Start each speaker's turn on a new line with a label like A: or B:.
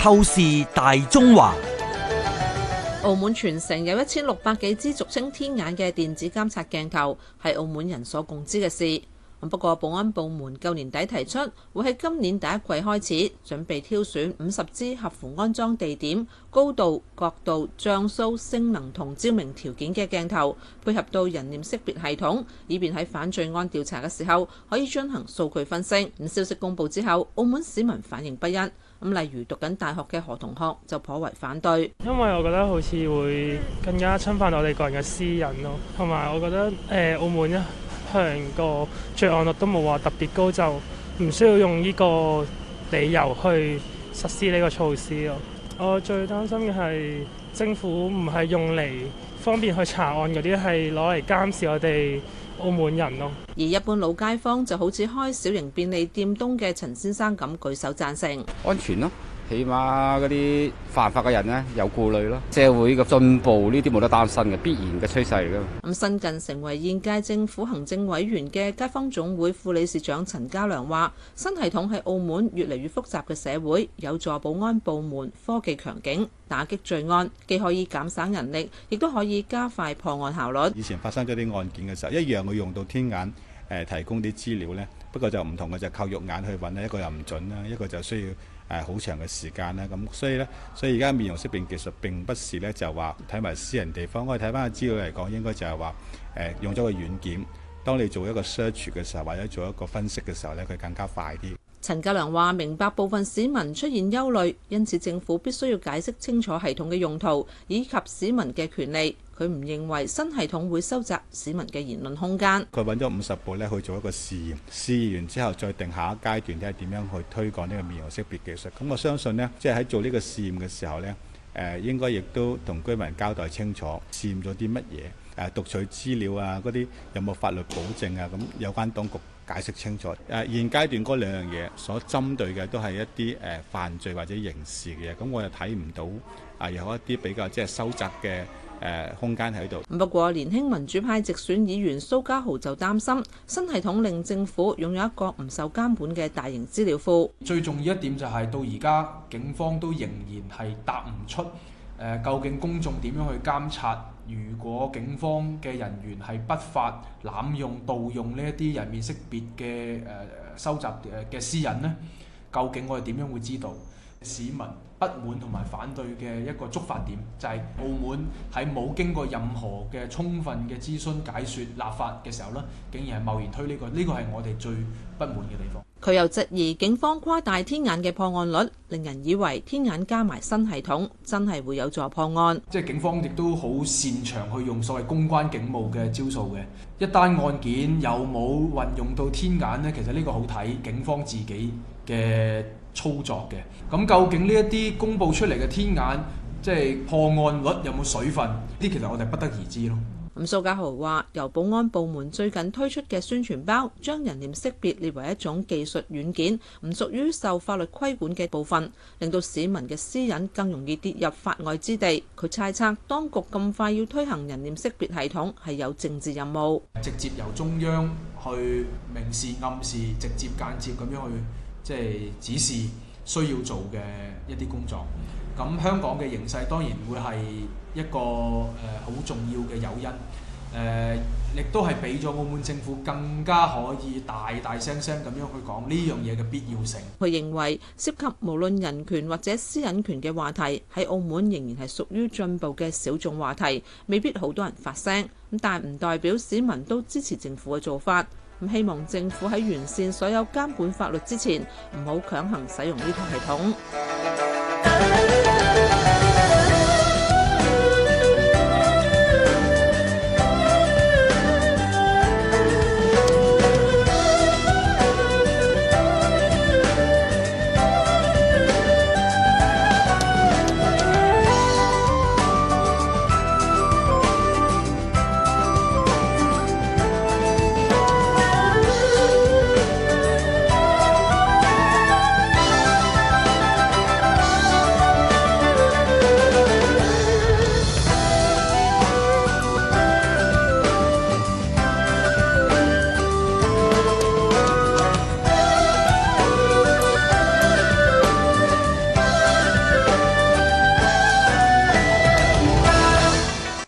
A: 透視大中華，
B: 澳門全城有一千六百幾支俗稱天眼嘅電子監察鏡頭，係澳門人所共知嘅事。咁不過，保安部門舊年底提出，會喺今年第一季開始準備挑選五十支合符安裝地點、高度、角度、像素、性能同照明條件嘅鏡頭，配合到人臉識別系統，以便喺犯罪案調查嘅時候可以進行數據分析。咁消息公布之後，澳門市民反應不一。咁例如讀緊大學嘅何同學就頗為反對。因為我覺得好似會更加侵犯我哋個人嘅私隱咯，同埋我覺得誒，澳門一向個罪案率都冇話特別高，就唔需要用呢個理由去實施呢個措施咯。我最擔心嘅係政府唔係用嚟。方便去查案嗰啲，係攞嚟監視我哋澳門人咯、啊。而一般老街坊就好似開小型便利店東嘅陳先生咁，舉手贊成
C: 安全咯、啊。起碼嗰啲犯法嘅人呢，有顧慮咯，社會嘅進步呢啲冇得擔心嘅，必然嘅趨勢
B: 嚟噶。咁新近成為現屆政府行政委員嘅街坊總會副理事長陳家良話，新系統係澳門越嚟越複雜嘅社會，有助保安部門科技強警打擊罪案，既可以減省人力，亦都可以加快破案效率。以前發生咗啲案件嘅時候，一樣會用到天眼，誒，提供啲資料呢。不過
C: 就唔同嘅就是，靠肉眼去揾，一個又唔準啦，一個就需要。誒、啊、好長嘅時間啦，咁所以咧，所以而家面容識別技術並不是咧，就話睇埋私人地方。我哋睇返個資料嚟講，應該就係話誒用咗個軟件，當你做一個 search 嘅時候，或者做一個分析嘅時候咧，佢更加快啲。
B: 陳教良話：明白部分市民出現憂慮，因此政府必須要解釋清楚系統嘅用途以及市民嘅權利。佢唔認為新系統會收窄市民嘅言論空間。
C: 佢揾咗五十部呢去做一個試驗，試驗完之後再定下一階段，睇下點樣去推廣呢個面容識別技術。咁我相信呢，即係喺做呢個試驗嘅時候呢，誒，應該亦都同居民交代清楚試驗咗啲乜嘢誒，讀取資料啊，嗰啲有冇法律保證啊？咁有關當局，解釋清楚。誒，現階段嗰兩樣嘢所針對嘅都係一啲誒犯罪或者刑事嘅嘢。咁我又睇唔到啊有一啲比較即係收窄嘅誒空間喺度。
B: 不過年輕民主派直選議員蘇家豪就擔心新系統令政府擁有一個唔受監管嘅大型資料庫。最重要一點就係，到而家警方都仍
A: 然係答唔出。究竟公眾點樣去監察？如果警方嘅人員係不法濫用、盜用呢一啲人面識別嘅誒、呃、收集嘅私隱呢？究竟我哋點樣會知道？市民不滿同埋反對嘅一個觸發點，就係澳門喺冇經過任何嘅充分嘅諮詢、解説、立法嘅時候呢竟然係貿然推呢個，呢個係我哋最不滿嘅地方。
B: 佢又質疑警方誇大天眼嘅破案率，令人以為天眼加埋新系統真係會有助破案。即
A: 係警方亦都好擅長去用所謂公關警務嘅招數嘅。一單案件有冇運用到天眼呢？其實呢個好睇警方自己嘅操作嘅。咁究竟呢一啲公佈出嚟嘅天眼，即係破案率有冇水分？呢啲其實我哋不得而知咯。
B: 蘇嘉豪話：由保安部門最近推出嘅宣傳包，將人臉識別列為一種技術軟件，唔屬於受法律規管嘅部分，令到市民嘅私隱更容易跌入法外之地。佢猜測當局咁快要推行人臉識別系統，係有政治任務，直接由中
A: 央去明示暗示，直接間接咁樣去即係指示需要做嘅一啲工作。咁香港嘅形勢當然會係一個誒好重要嘅誘因，誒亦都係俾咗澳門政府更加可以大大聲聲咁
B: 樣去講呢
A: 樣嘢嘅必要性。
B: 佢認為涉及無論人權或者私隱權嘅話題喺澳門仍然係屬於進步嘅小眾話題，未必好多人發聲。咁但係唔代表市民都支持政府嘅做法。咁希望政府喺完善所有監管法律之前，唔好強行使用呢套系統。